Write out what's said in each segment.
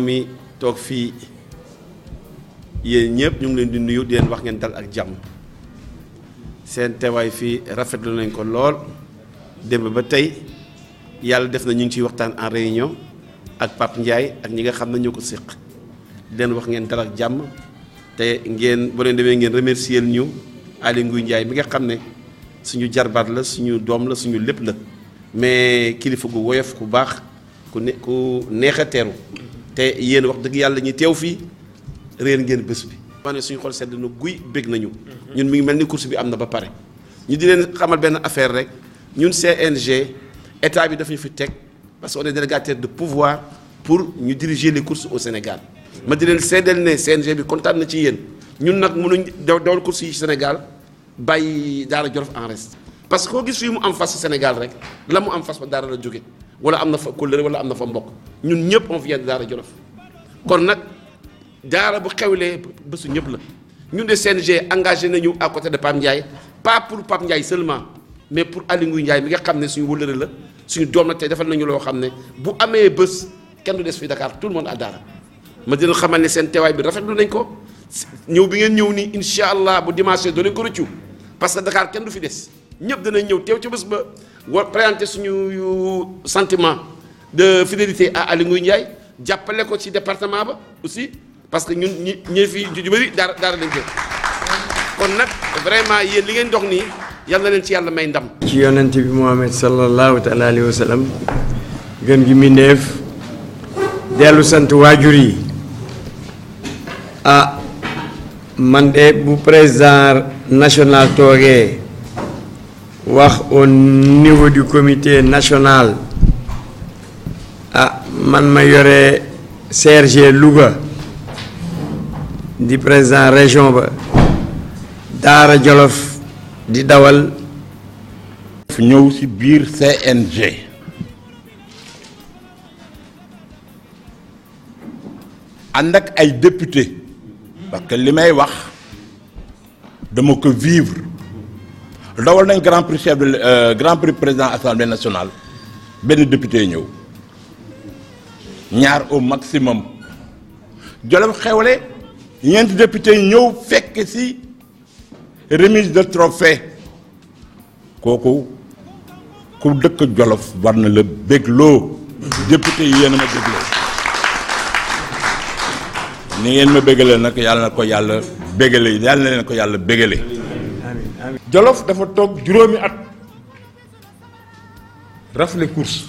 mbooloo mi toog fii yéen ñëpp ñu ngi leen di nuyu di leen wax ngeen dal ak jàmm seen teewaay fii rafetlu nañ ko lool démb ba tey yàlla def na ñu ngi ciy waxtaan en réunion ak Pape njaay ak ñi nga xam ne ñoo ko séq di leen wax ngeen dal ak jàmm te ngeen boo leen demee ngeen remercier ñu Aly Ngouille Ndiaye mi nga xam ne suñu jarbaat la suñu doom la suñu lépp la mais kilifa gu woyof ku baax ku ne ku neex a teeru te yéen wax dëgg yàlla ñi teew fii réer ngeen bés bi. maa ne suñu xool sedd na guy bég nañu. Mhm. ñun mi ngi mel ni course bi am na ba pare. ñu di leen xamal benn affaire rek ñun CNG état bi daf ñu fi teg parce que on de pouvoir pour ñu diriger les courses au Sénégal. ma di leen seedeel ne CNG bi kontaan na ci yéen ñun nag mënuñ daw dawal course yi Sénégal bàyyi Daara Jolof en reste. parce que koo gis fii mu am fas Sénégal rek la mu am fas ba Daara la jóge wala am na fa kóllëre wala am na fa mbokk ñun ñëpp on vient Daara Jolof kon nag daara bu xewlee bësu ñëpp la ñun de CNG engage nañu à côté de Pape Ndiaye pas pour Pape Ndiaye seulement mais pour Aly Ngouille Ndiaye mi nga xam ne suñu wëllëre la suñu doom la tey defal nañu loo xam ne bu amee bës kenn du des fi Dakar tout le ak à Daara ma dina xamal ne seen teewaay bi rafetlu nañ ko ñëw bi ngeen ñëw nii incha allah bu dimanche doo leen ko rëccu parce que Dakar kenn du fi des ñëpp danañ ñëw teew ci bés ba. wa présenter suñu sentiment de fidélité à Aly Ngouille Ndiaye jàppale ko ci département ba aussi parce que ñun ñi ñi fi ju bëri daara daara lañ jël kon nag vraiment yéen li ngeen dox nii yàlla na leen ci yàlla may ndam. ci yonent bi Muhammad sallallahu taala alayhi wa sallam gën gi mbindeef dellu sant waajur yi ah man de bu président national toogee. wax au niveau du comité national ah man ma yore CRG Louga di président région ba Daara Jolof di dawal. ñëw ci biir CNG. ànd ak ay député parce que li may wax dama ko vivre. dawal nañ grand prix chef de euh, grand prix président assemblée nationale benn député ñëw ñaar au maximum Jolof xewle ñeent député ñëw fekk ci remise de trophée kooku ku dëkk Jolof war na la bégloo député yi yéen a ma bégloo ni ngeen ma bégale nag yàlla na ko yàlla bégale yàlla na leen ko yàlla béggale Jolof dafa toog juróomi at rafle course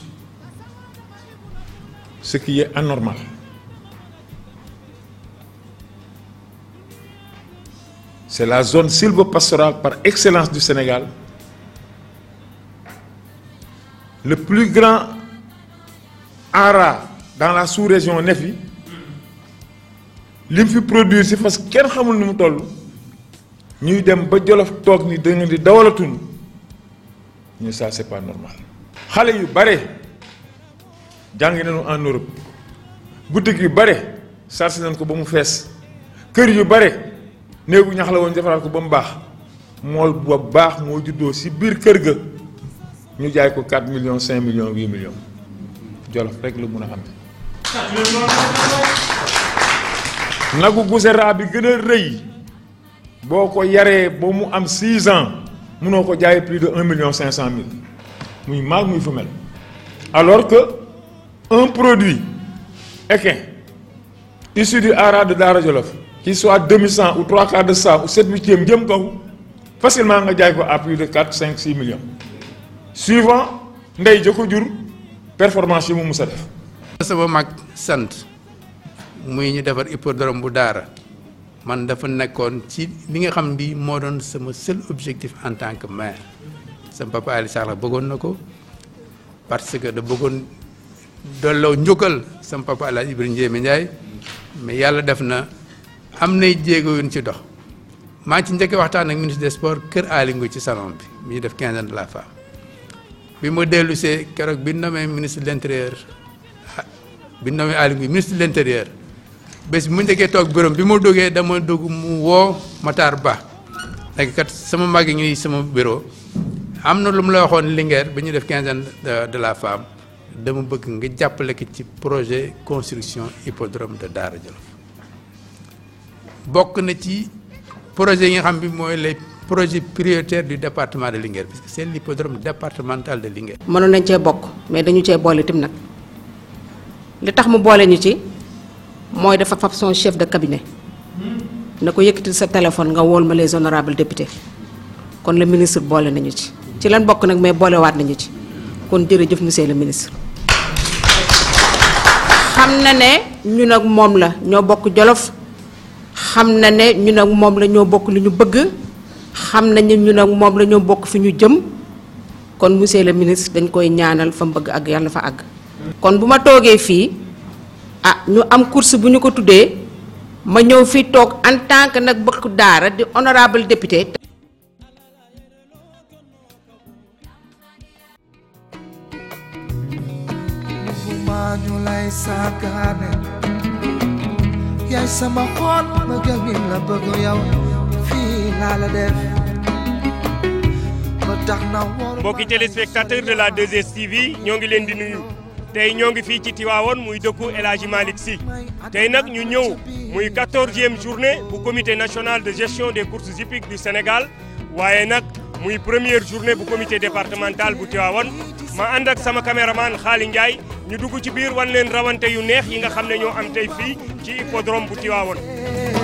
ce qui est anormal c'est la zone sylvopastorale par excellence du Sénégal le plus grand ara dans la sous-région Nefi li mu fi produire si fas kenn xamul ni mu toll ñuy dem ba jolof toog ni dañu di dawalatuñ ñu ça c'est pas normal xale yu bare jàngi nañu en Europe boutique yu bare sarsi nañ ko ba mu fees kër yu bare néegu ñax la woon defaraat ko ba mu baax mool ba baax moo juddoo ci biir kër ga ñu jaay ko 4 million cinq million 8 million jolof rek lu mun a xam ne nagu gusera bi gën a rëy boo ko yaree ba mu am 6 ans munoo ko jaay plus de 1 million 500 mille muy mâle muy femelle alors que un produit équin issu du haras de Daara Jolof qui soit demi cent ou trois quarts de cent ou sept huitième jëm kaw facilement nga jaay ko à plus de 4 cinq 6 millions suivant ndey ja ko jur performance yi mu mus a def. mag sant muy ñu defar hippodrome bu Daara. man dafa nekkoon ci li nga xam ni moo doon sama seul objectif en tant que maire sama papa Alioune Sarr bëggoon na ko parce que da bëggoon dolloo njukkal sama papa El Hadj Ibrahima Ndiémé Ndiaye mais yàlla def na am nay jéego yuñ ci dox maa ngi ci njëkk waxtaan ak ministre de sport kër Alingou ci salon bi mi def quinzaine de la femme bi ma dellu see keroog bi ñu ministre de l' intérieur ah, bi ñu nommé Alingou ministre de l' bés bi mu njëkkee toog bureau bi ma duggee dama dugg mu woo Matar Ba nekk sama mag yi ngi sama bureau am na lu mu la waxoon Linguère ba ñu def quinzaine de la femme dama bëgg nga jàppale ko ci projet construction hippodrome de Daara jël bokk na ci projet yi nga xam bi mooy les projet prioritaires du département de Linguère parce que c'est l'hippodrome de Linguère. mënoon nañ cee bokk mais dañu cee boole itam nag li tax mu boole ñu ci. mooy dafa fab son chef de cabinet na ko yëkkatil sa téléphone nga wool ma les honorables députés kon le ministre boole nañu ci ci lan bokk nag mais boolewaat nañu ci kon jërëjëf monsieur le ministre. xam na ne ñu nag moom la ñoo bokk jolof xam na ne ñu nag moom la ñoo bokk li ñu bëgg xam nañu ñu nag moom la ñoo bokk fi ñu jëm kon monsieur le ministre dañ koy ñaanal fam mu bëgg àgg yàlla fa àgg. kon bu ma toogee fii. ah ñu am course bu ñu ko tuddee ma ñëw fi toog en tant que nag bëkku daara di honorable député ma ñu lay saakaane yaay sama xool ma gëmin la bëgg yow fii laa la def ba tax na mbokki téléspectateur de la 2STV ñoo ngi leen di nuyu tey ñoo ngi fii ci Tivaouane muy dëkku El Hadji Malick Sy tey nag ñu ñëw muy quatorzième journée bu comité national de gestion des courses hippiques du Sénégal waaye nag muy première journée bu comité départemental bu Tivaouane ma ànd ak sama caméraman Xaali Ndiaye ñu dugg ci biir wan leen rawante yu neex yi nga xam ne ñoo am tey fii ci hippodrome bu Tivaouane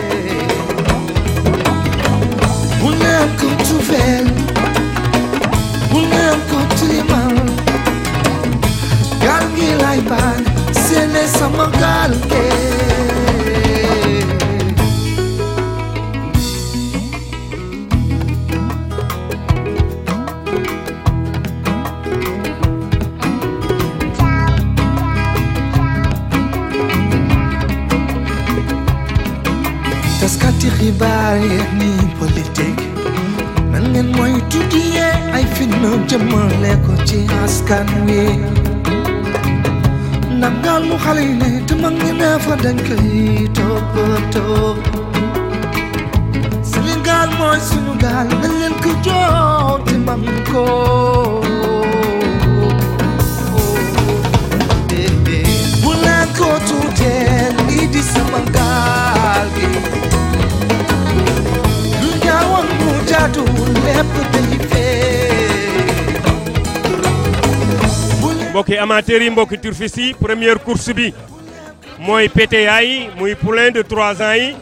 local. taskati xibaar yeeg ni politique na ngeen mooy tuddiyee ay fitna jëmale ko ci askan wi nangalu xale yi ne mag ñi ne fa dañ koy toppatoo Sénégal mooy suñu gaal nañ leen ko jox man ko bu leen ko tuutee lii di sama gaal gi lu mu jaatu lépp day fee mbokki amateurs yi mbokki turfis yi première course bi mooy PTA yi muy poulain de trois ans yi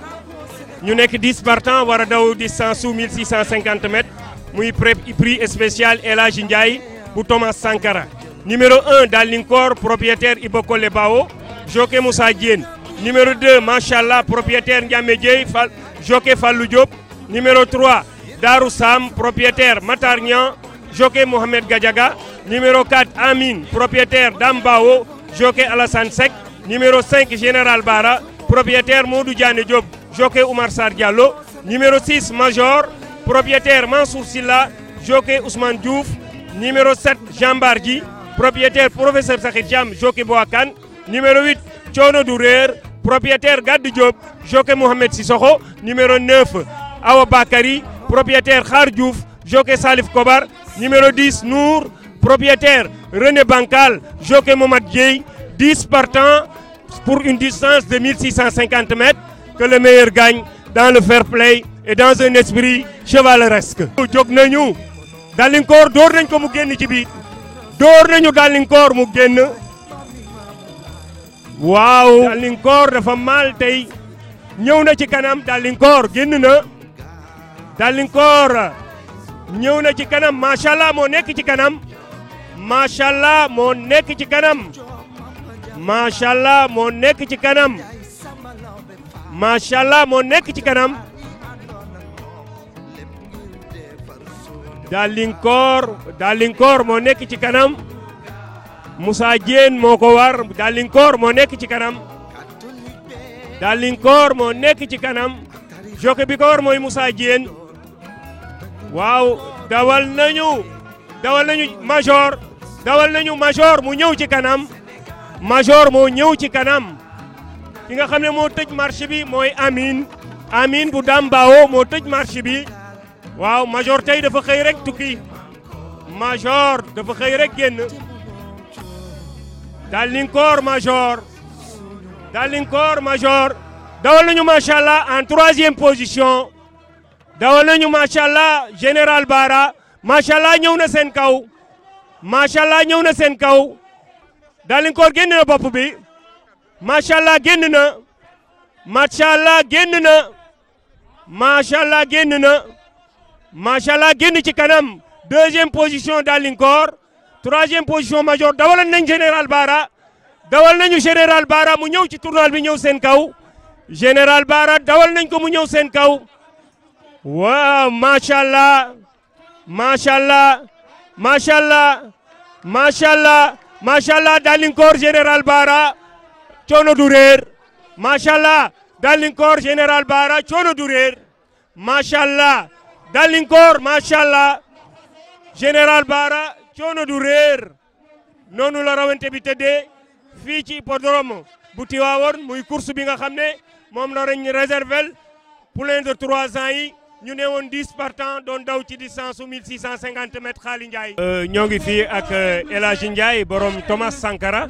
ñu nekk 10 partants war a daw distance sous 1650 m muy prix spécial El Hadji Ndiaye bu Thomas Sankara. numéro 1 Dalincor propriétaire Iba Kole Bao jockey Moussa numéro deux Machallah allah Ndiamé Dieye Fall jockey Fallou Diop numéro 3 Darou Sam propriétaire Matar Niang jockey Mohamed Gadiaga numéro 4 Amine propriétaire Dambao jockey Alassane Seck numéro 5 général Bara propriétaire Modou Diané Diop jockey Oumar Sarr numéro 6 Major propriétaire Mansour Silla jockey Ousmane Diouf numéro 7 Jambar Ji propriétaire professeur Sakhir Diam jockey Boakan numéro 8 Thiono Dourer propriétaire Gaddi Diop jockey Mohamed numéro 9 Awa Bakari propriétaire Khar Diouf jockey Salif Kobar numéro 10 Nour René Bankal jockey Momad Dieye 10 par temps pour une distance de 1650 mètres que le meilleur gagne dans le fair play et dans un esprit chevaleresque. jóg nañu gàllinkoor door nañ ko mu génn ci biir door nañu gàllinkoor mu génn waaw. gàllinkoor dafa mal tey ñëw na ci kanam gàllinkoor génn na gàllinkoor ñëw na ci kanam macha allah moo nekk ci kanam macha moo nekk ci kanam. macha allah moo nekk ci kanam macha allah moo nekk ci kanam Dalinkoor Dalinkoor moo nekk ci kanam musa Diène moo ko war Dalinkoor moo nekk ci kanam Dalinkoor moo nekk ci kanam joke bi ko war mooy Moussa Diène waaw dawal nañu dawal nañu major dawal nañu major mu ñëw ci kanam major moo ñëw ci kanam ki nga xam ne moo tëj marché bi mooy Amine Amine bu Dambaawo moo tëj marché bi waaw major tey dafa xëy rek tukki major dafa xëy rek génn daal di koor major daal di koor dawal nañu macha allah en troisième position dawal nañu macha allah général Bara macha allah ñëw na seen kaw macha allah ñëw na seen kaw. Dalinkoor génn na bopp bi macha allah génn na macha allah génn na macha allah génn na macha allah génn ci kanam deuxième position Dalinkoor troisième position major dawal nañ général baara dawal nañu général Bara mu ñëw ci tournoi bi ñëw seen kaw général Bara dawal nañ ko mu ñëw seen kaw waaw macha allah macha allah macha allah macha allah macha allah Dalingkoor général Baara coono du réer macha allah Dalingkoor général Baara coono du réer macha allah Dalingkoor macha allah général Baara coono du réer noonu la rawante bi tëddee fii ci hippodrome bu Tiwaawoon muy course bi nga xam ne moom la reñ réservel poulain de trois ans yi. ñu ne woon dix partants doon daw ci di su mille six cent cinquante mètres xaali Ndiaye. Euh, ñoo ngi fii ak euh, El Hadj Ndiaye borom Thomas Sankara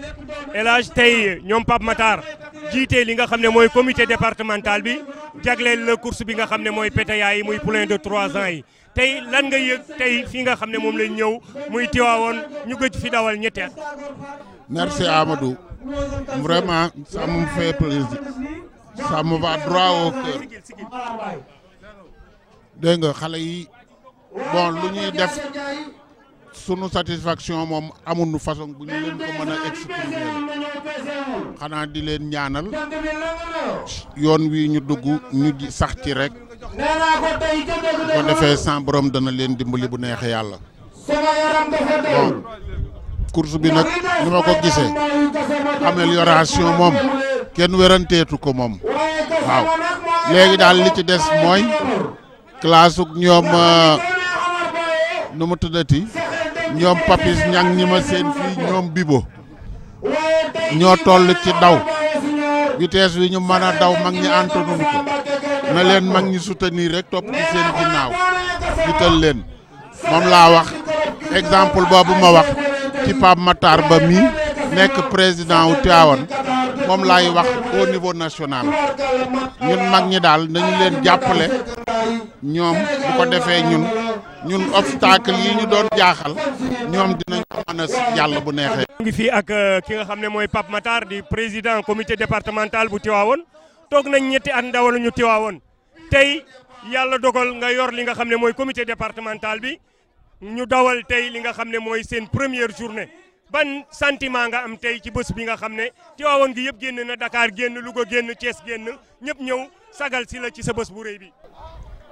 El tey ñoom Pape Matar jiite li nga xam ne mooy comité départemental bi jagleel la course bi nga xam ne mooy PTA yi muy poulain de trois ans yi tey lan nga yëg tey fii nga xam ne moom lañ ñëw muy Tiwaawoon ñu gëj fi dawal ñetti at. merci Amadou vraiment ça me fait plaisir ça me va droit au cœur. dégg nga xale yi bon lu ñuy def sunu satisfaction moom nu façon bu ñu leen ko mën a exprimer xanaa di leen ñaanal yoon wi ñu dugg ñu di sax ci rek ko defee sans borom dana leen dimbali bu neexee yàlla bon course bi nag ni ma ko gisee amélioration moom kenn wéranteetu ko moom waaw léegi daal li ci des mooy classe uk ñoom euh, nu mu tuddati ñoom papis ñang ñi ma seen fii ñoom bibo ñoo toll ci daw vitesse wi ñu mën a daw mag ñi antanun ko na leen mag ñi soutenir rek topp ci seen ginnaaw jiital leen moom laa wax exemple boobu ma wax ci Pape Matar Ba mii nekk président wu Tivaouane moom laay wax au niveau national ñun mag ñi daal nañu leen jàppale ñoom bu ko defee ñun ñun obstacle yi ñu doon jaaxal ñoom dinañ ko mën a jàll bu neexee. ñu ngi fii ak euh, ki nga xam ne mooy Pape Matar di président comité départemental bu Tivaouane toog nañ ñetti at ndawalu ñu Tivaouane tey yàlla dogal nga yor li nga xam ne mooy comité départemental bi ñu dawal tey li nga xam ne mooy seen première journée. ban sentiment nga am tey ci bés bi nga xam ne Tiwaawan gi yëpp génn na dakaar génn Louga génn Thiès génn ñëpp ñëw sagal si la ci sa bés bu rëy bi.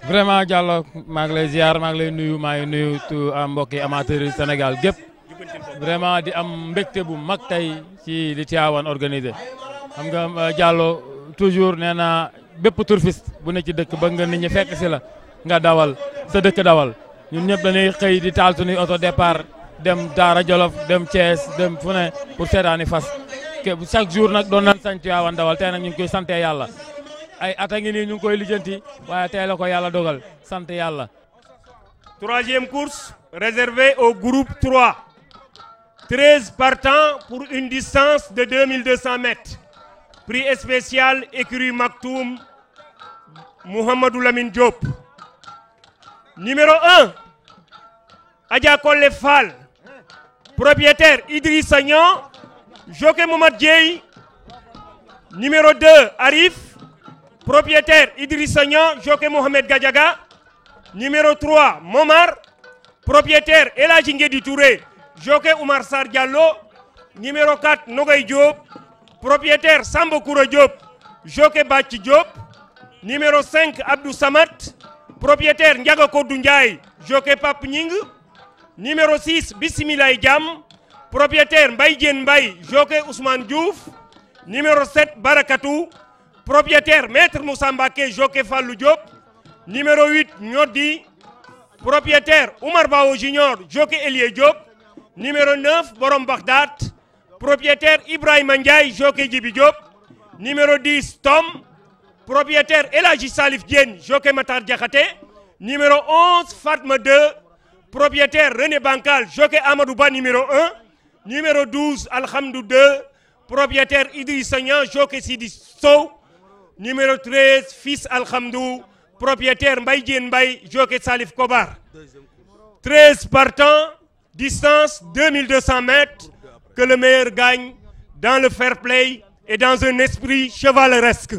vraiment Diallo maa ngi lay ziar maa ngi lay nuyu maa ngi nuyu ah, mbokki amateur yi Sénégal gépp vraiment di am mbégte bu mag tey ci li Tiwaawan organisé xam nga euh, Diallo toujours nee naa bépp turfiste bu ne ci dëkk ba nga nit ñi fekk si la nga dawal sa dëkk dawal ñun ñëpp dañuy xëy di taal suñuy oto départ. dem Daara Jolof dem Thiès dem fu ne pour seetaani fas chaque jour nag doon nan sant Tiwaawan Ndawal tey nag ñu ngi koy sante yàlla ay at a ngi koy lijjanti waaye tey la ko yàlla dogal sant yàlla. troisième course réservée au groupe 3 par partants pour une distance de 2200 mètres prix spécial écurie Maktoum Mouhamadou Lamine Diop numéro 1 Adja Kolle propriétaire Idriss Sagnan, jockey Mohamed Dieye, numéro 2 Arif, propriétaire Idriss Sagnan, jockey Mohamed Gadiaga, numéro 3 Momar, propriétaire Elhadji Nguedi Touré, jockey Oumar Sarr numéro Nogay Diop, propriétaire Samba Koura Diop, jockey Bathie Diop, numéro 5 Abdou Samat, propriétaire Ndiaga Kodou Ndiaye, jockey numéro 6 Bismilay Jàmm propriétaire Mbaye Diène Mbaye jockey Ousmane Diouf numéro 7 Barakatou propriétaire maître Moussa Mbacké jockey Fallou Diop numéro 8 Ñoddi propriétaire Oumar Bao Junior jockey Elie Diop numéro 9 Borom Bagdad propriétaire Ibrahima Ndiaye jockey Djibi Diop numéro 10 Tom propriétaire El Hadji Salif Diène jockey numéro Fatma 2 propriétaire René Bancal jockey Amadou Ba numéro 1 numéro 12 Alhamdou 2 propriétaire Idrissa Niang jockey Sidi Sow numéro 13 Fils Alhamdou propriétaire Mbaye Diène Mbaye jockey Salif Kobar 13 partants distance 2200 mètres que le meilleur gagne dans le fair play et dans un esprit chevaleresque.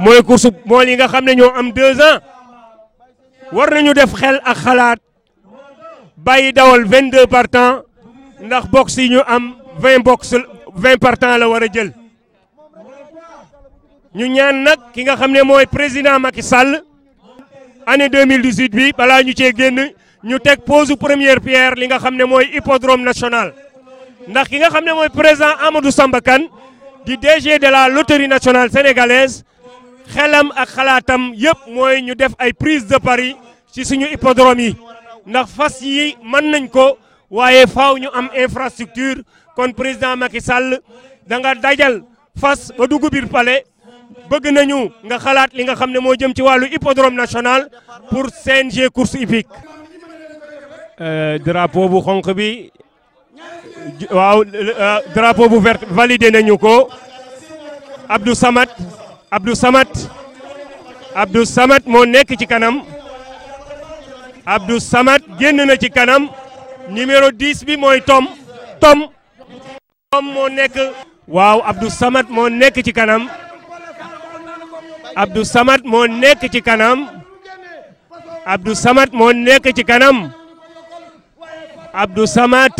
mooy course mooy li nga xam ne ñoo am deux def xel ak xalaat. bàyyi dawal 22 par temps ndax box yi ñu am 20 box 20 par temps la war a jël ñu ñaan nag ki nga xam ne mooy président Macky Sall année 2018 bi balaa ñu cee génn ñu teg pose première pierre li nga xam ne mooy hippodrome national ndax ki nga xam ne mooy président Amadou Samba Kane di DG de la loterie nationale sénégalaise xelam ak xalaatam yëpp mooy ñu def ay prise de paris si suñu hippodrome yi ndax fas yi man nañ ko waaye faaw ñu am infrastructure kon président Macky Sall da nga dajal fas ba dugg biir bëgg nañu nga xalaat li nga xam ne moo jëm ci wàllu hippodrome national pour CNG course hippique. Euh, drapeau bu xonq bi waaw euh, drapeau bu vert validé nañu ko Abdou samat Abdou Samad Abdou moo nekk ci kanam. Abdou Samad génn na ci kanam numéro 10 bi mooy Tom Tom Tom moo nekk waaw Abdou moo nekk ci kanam Abdou Samad moo nekk ci kanam Abdou Samad moo nekk ci kanam Abdou Samad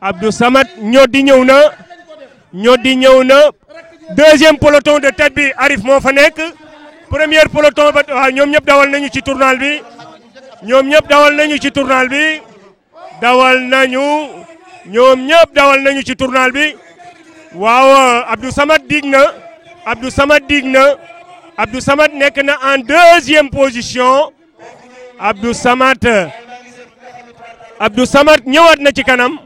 Abdou Samad ñoddi ñëw na ñoddi ñëw na deuxième peloton de tête bi Arif moo fa nekk premier peloton ba ñoom ñëpp dawal nañu ci tournal bi ñoom ñëpp dawal nañu ci tournal bi dawal nañu ñoom ñëpp dawal nañu ci tournal bi waaw Abdou Samad dig na Abdou Samad dig na Abdou Samad nekk na en deuxième position Abdou Samad Abdou Samad ñëwaat na ci kanam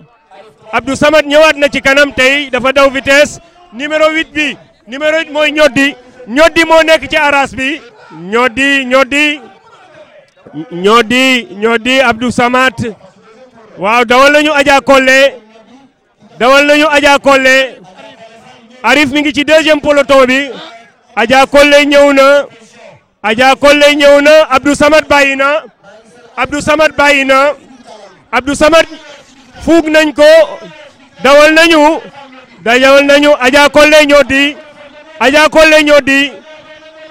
Abdou Samad ñëwaat na ci kanam tey dafa daw vitesse numéro 8 bi numéro 8 mooy ñoddi ñoddi moo nekk ci aras bi ñoddi ñoddi ñoo di ñoo di Abdou Samad waaw dawal nañu Adja Collé dawal nañu Adja Collé Arif mi ngi ci deuxième peloton bi Adja Collé ñëw na Adja Collé ñëw na Abdou Samad bàyyi na Abdou Samad na Abdou fuug nañ ko dawal nañu dawal nañu Adja Collé ñoo di Adja Collé ñoo di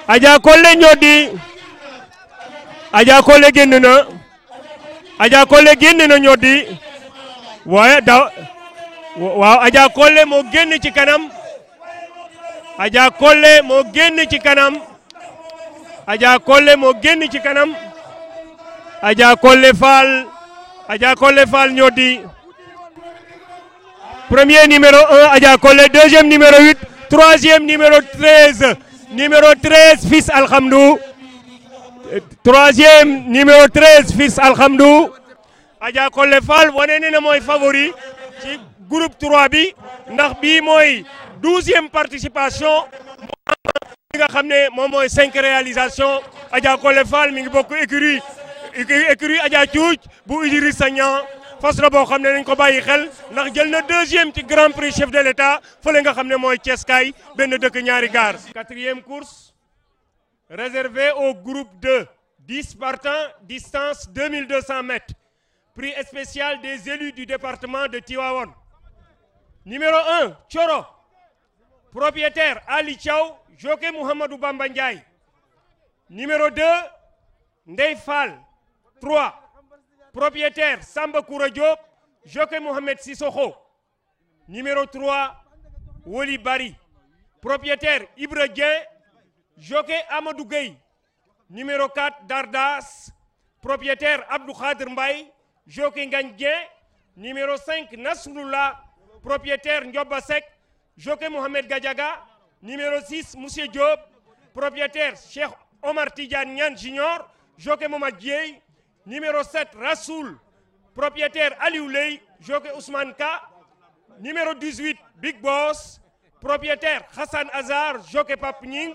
Adja Adja Collé génn na Adja Collé génn na ñoo di waaye da waaw Adja Collé moo génn ci kanam Adja Collé moo génn ci kanam Adja Collé moo génn ci kanam Adja Collé Fall Adja Collé premier numéro 1 Adja Collé deuxième numéro 8 troisième numéro 13 numéro 13 Fils Alhamdou troisième numéro 13 fils alhamdu Adja Kole Fall wane ne na mooy favori ci groupe 3 bi ndax bii mooy douzième participation mi nga xam ne moom mooy cinq réalisation Adja Kole Fall mi ngi bokk écurie écurie Adja Cuuc bu Idriss Sagnan fas la boo xam ne nañ ko bàyyi xel ndax jël na deuxième ci grand prix chef de l' état fële nga xam ne mooy ces Ceeskaay benn dëkk ñaari gaar quatrième course réservé au groupe 2, 10 partants, distance 2200 mètres. Prix spécial des élus du département de Tivaouane. Numéro 1, Choro. Propriétaire Ali Chao, jockey Mohamedou Bamba Ndiaye. Numéro 2, Ndeifal. 3. Propriétaire Samba Koura Diop, jockey Mohamed Numéro 3, Propriétaire Ibra Jockey Amadou Gueye numéro 4 Dardas propriétaire Abdou Khadir Mbaye jockey Ngagne Dieng numéro Nasrullah propriétaire Ndioba Seck jockey Mohamed Gadiaga numéro 6 Monsieur Diop propriétaire Cheikh Omar Tidiane Niane Junior jockey Momad numéro 7 Rasoul propriétaire Aliou Ley jockey Ousmane Ka numéro Big Boss propriétaire Hassan Azar jockey Pape Ning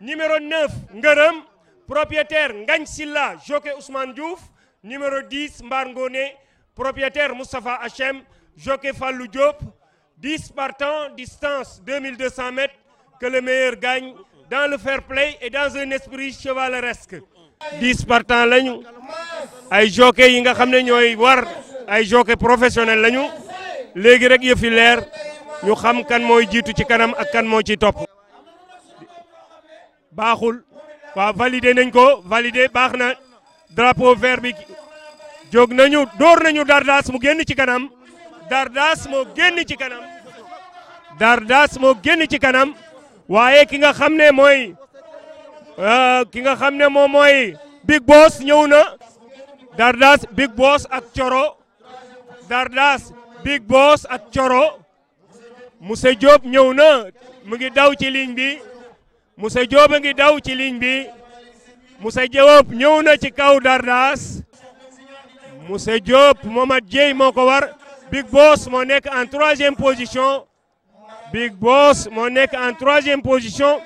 numéro 9 Ngërëm propriétaire Ngagne Silla joke Ousmane Diouf numéro 10 Mbar Ngone propriétaire Moustapha Hachem jockey Fallou Diop 10 partants distance 2200 mètres que le meilleur gagne dans le fair play et dans un esprit chevaleresque 10 partant lañu ay jockey yi nga xam ne ñooy war ay jockey professionnel lañu léegi rek yëfi leer ñu xam kan mooy jiitu ci kanam ak kan moo ci topp baaxul waa validé nañ ko validé baax na drapeau vert bi jóg nañu dóor nañu Dardas mu génn ci kanam Dardas moo génn ci kanam Dardas moo génn ci kanam waaye ki nga xam ne mooy euh, ki nga xam ne moom mooy Big Boss ñëw na Dardas Big Boss ak Coro Dardas Big Boss ak Coro Moussa Diop ñëw na mu ngi daw ci ligne bi Moussa Diop a ngi daw ci ligne bi Moussa Diop ñëw na ci kaw Dardas Moussa Diop mo Dieye moo ko war Big Boss moo nekk en troisième position Big Boss moo nekk en troisième position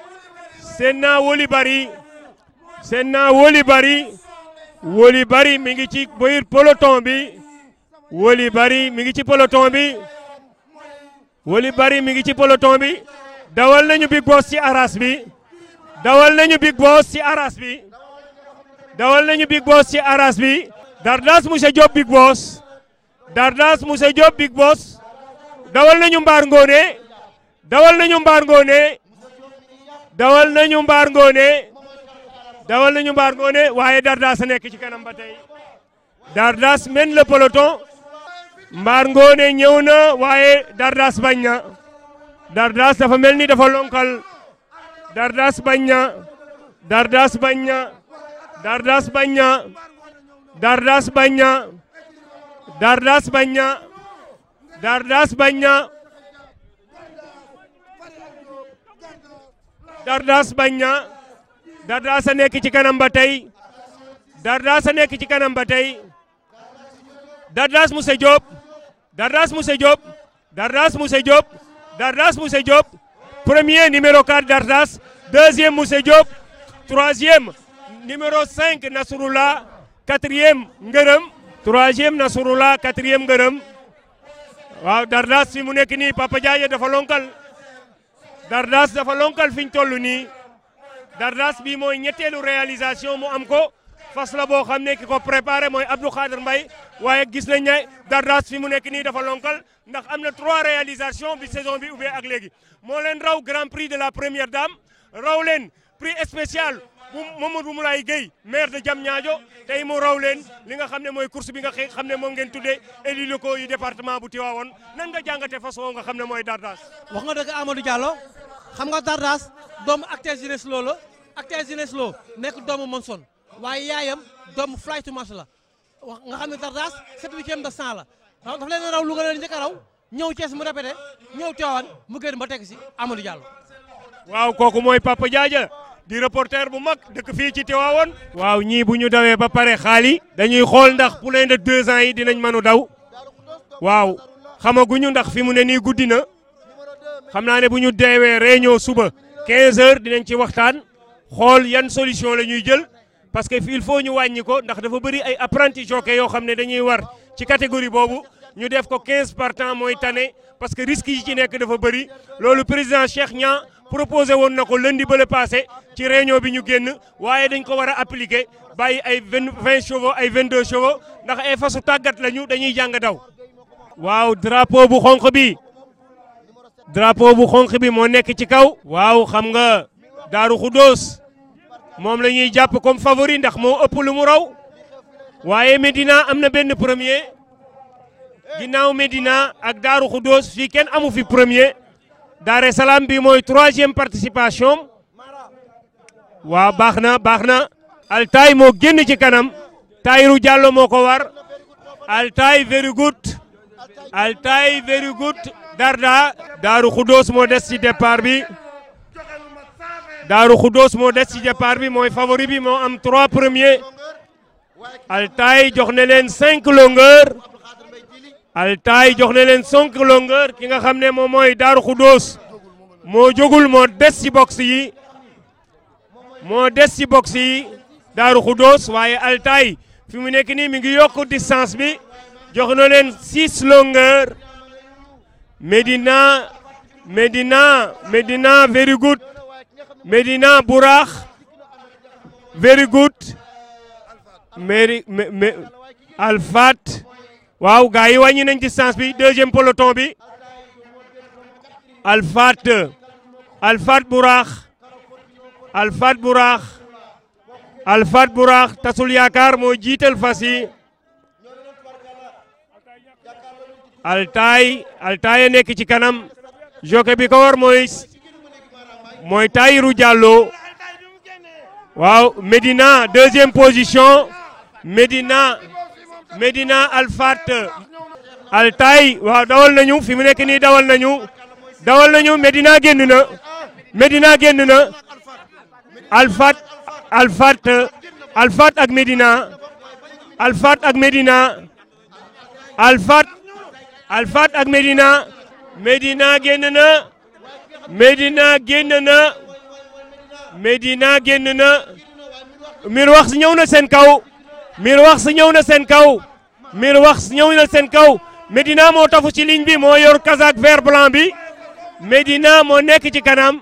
Senna Woli Bari Senna Woli Bari Woli Bari mi ngi ci biir peloton bi Woli Bari mi ngi ci poloton bi Woli Bari mi ngi ci peloton bi dawal Big Boss ci aras bi dawal nañu big boss ci aras bi dawal nañu big boss ci aras bi dardas monsieur Diop big boss dardas monsieur Diop big boos dawal nañu mbaar ngoone dawal nañu mbaar ngoone dawal nañu mbaar ngoone dawal nañu mbaar ngoone waaye dardas a nekk ci kanam ba tey dardas mène le mbaar ngoone ñëw na waaye dardas bañ na dardas dafa mel ni dafa lonkal Dardas bañ na Dardas bañ na Dardas bañ na Dardas bañ na Dardas bañ na Dardas bañ na Dardas bañ na Dardas a nekk ci kanam ba tey Dardas a nekk ci kanam ba tey Dardas Moussa Diop Dardas Moussa Diop Dardas Moussa Diop Dardas Moussa Diop Premier, numéro 4, Dardas. Deuxième, Moussé Diop. Troisième, numéro 5, Nasrullah. Quatrième, Ngerem. Troisième, Nasrullah. Quatrième, Ngerem. waaw Dardas fi mu nekk nii Papa Diaye dafa lonkal Dardas dafa lonkal fi ñu toll nii Dardas bi mooy ñetteelu réalisation mu am ko fas la boo xam ne ki ko préparé mooy Abdou Khader Mbaye waaye gis nañ ne Dardas fi mu nekk nii dafa lonkal ndax am na trois réalisations bi saison bi ubbee ak léegi moo leen raw grand prix de la première dame raw leen prix spécial bu Mamadou Moulaye Gueye maire de Diamniadio tey mu raw leen li nga xam ne mooy course bi nga xam ne moom ngeen tuddee élus locaux yi département bu Tivaouane nan nga jàngatee façon nga xam ne mooy Dardas. wax nga dëgg Amadou Diallo xam nga Dardas doomu acteur jeunesse loo la acteur jeunesse loo nekk doomu Monson. waaye yaayam doom fly to Mars la nga xam ne Dardas sept huitième de cent la raw dafa leen raw lu nga leen raw ñëw cees mu répété ñëw Tivaouane mu gën ba teg si Amadou Diallo. waaw kooku mooy Papa Diadia di reporter bu mag dëkk fii ci Tivaouane. waaw ñii bu ñu dawee ba pare xaali dañuy xool ndax poulain de deux ans yi dinañ mënu daw waaw xamaguñu ndax fi mu ne nii guddi na xam naa ne bu ñu deewee réunion suba 15 heures dinañ ci waxtaan xool yan solution la ñuy jël. parce que il faut ñu wàññi ko ndax dafa bëri ay apprenti jockey yoo xam ne dañuy war ci catégorie boobu ñu def ko 15 partants mooy tane parce que risque yi ci nekk dafa bëri loolu président Cheikh Niang proposé woon na ko lundi ba le passé ci réunion bi ñu génn waaye dañ ko war a appliquer bàyyi ay vingt chevaux ay vingt 22 chevaux ndax ay fasu tàggat lañu dañuy jàng daw. waaw drapeau bu xonq bi drapeau bu xonq bi moo nekk ci kaw. waaw xam nga Daaru Xuddoos moom la ñuy jàpp comme favori ndax moo ëpp lu mu raw waaye Medina am na benn premier ginnaaw Medina ak Daaru Xuddoos fii kenn amu fi premier Daare Salaam bii mooy troisième participation waaw baax na baax na Altaay moo génn ci kanam Tayiru Diallo moo ko war Altaay very good Altaay very good Darda Daaru Xuddoos moo des ci départ bi Daaru Xuddoos moo des ci départ bi mooy favori bi moo am trois premiers Altaay jox na leen cinq longueurs Altaay jox na leen cinq longueurs ki nga xam ne moom mooy Daaru Xuddoos moo jógul moo des ci box yi moo des ci box yi Daaru Xuddoos waaye Altaay fi mu nekk nii mi ngi yokk distance bi jox na leen six longueurs Medina Medina Medina very good Medina Burakh very good mairie Alfat waaw gars yi wàññi nañ distance bi deuxième poloton bi Alfat Alfat Burakh alfaat buraax Alfat Burakh tasul yaakaar moo jiital fas yi Altaay Altaay a nekk ci kanam jockey bi ko war mooy mooy Tahirou Diallo waaw Medina deuxième position Medina Medina Alfat Altay waaw dawal nañu fi mu nekk nii dawal nañu dawal nañu Medina génn na Medina génn na Alfat Alfat Alfat ak Medina Alfat ak Medina Medina génn na. Médina génn na Médina génn na wax Mirwax ñëw na seen kaw Mirwax ñëw na seen kaw Mirwax ñëw na seen kaw Médina moo tafu ci ligne bi moo yor casaque vert blanc bi Médina moo nekk ci kanam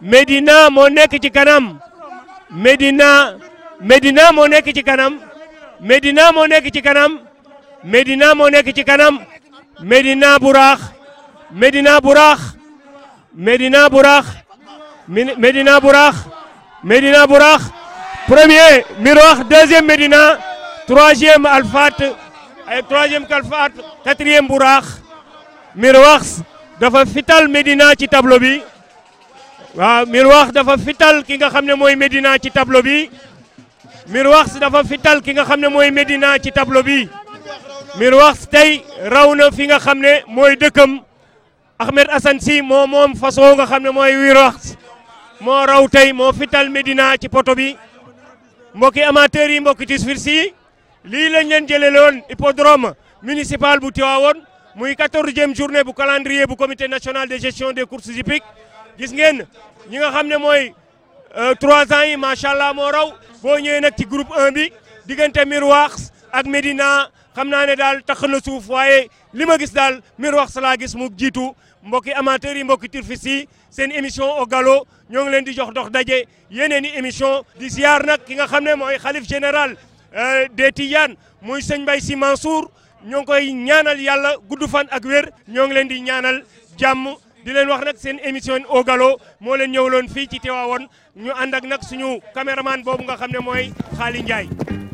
Médina moo nekk ci kanam Médina Médina moo nekk ci kanam Médina moo nekk ci kanam Médina moo nekk ci kanam Médina Bourax Médina Bourax Médina Bourax Médina Bourax Médina Bourax premier Miroir deuxième Médina troisième Alfat ay troisième Kalfat quatrième Bourax dafa fital Médina ci tableau bi waaw Miroir dafa fital ki nga xam ne mooy Médina ci tableau bi Miroir dafa fital ki nga xam ne mooy Médina ci tableau bi Miroir tey raw na fi nga xam ne mooy dëkkam Ahmed Assane Sy moo moom façon nga xam ne mooy Wirox moo raw tey moo fital Medina ci poto bi mbokki amateurs yi mbokki tisfir si lii lañ leen jëleloon hippodrome municipal bu Tivaouane muy quatorzième journée bu calendrier bu comité national de gestion des courses hippiques gis ngeen ñi nga xam ne mooy euh, trois ans yi macha allah moo raw boo ñëwee nag ci groupe 1 bi diggante Mirwax ak Medina xam naa ne daal tax na suuf waaye li ma gis daal Mirwax laa gis mu jiitu mbokki amateurs yi mbokki turfis yi seen émission au ñoo ngi leen di jox dox daje yeneen i émission di ziar nag ki nga xam ne mooy xalif général euh, des Tidianes muy sëñ mbay Sy Mansour ñoo ngi koy ñaanal yàlla gudd fan ak wér ñoo ngi leen di ñaanal jàmm di leen wax nag seen émission au galop moo leen ñëwloon fii ci Tivaouane ñu ànd ak nag suñu caméraman boobu nga xam ne mooy Xaali Ndiaye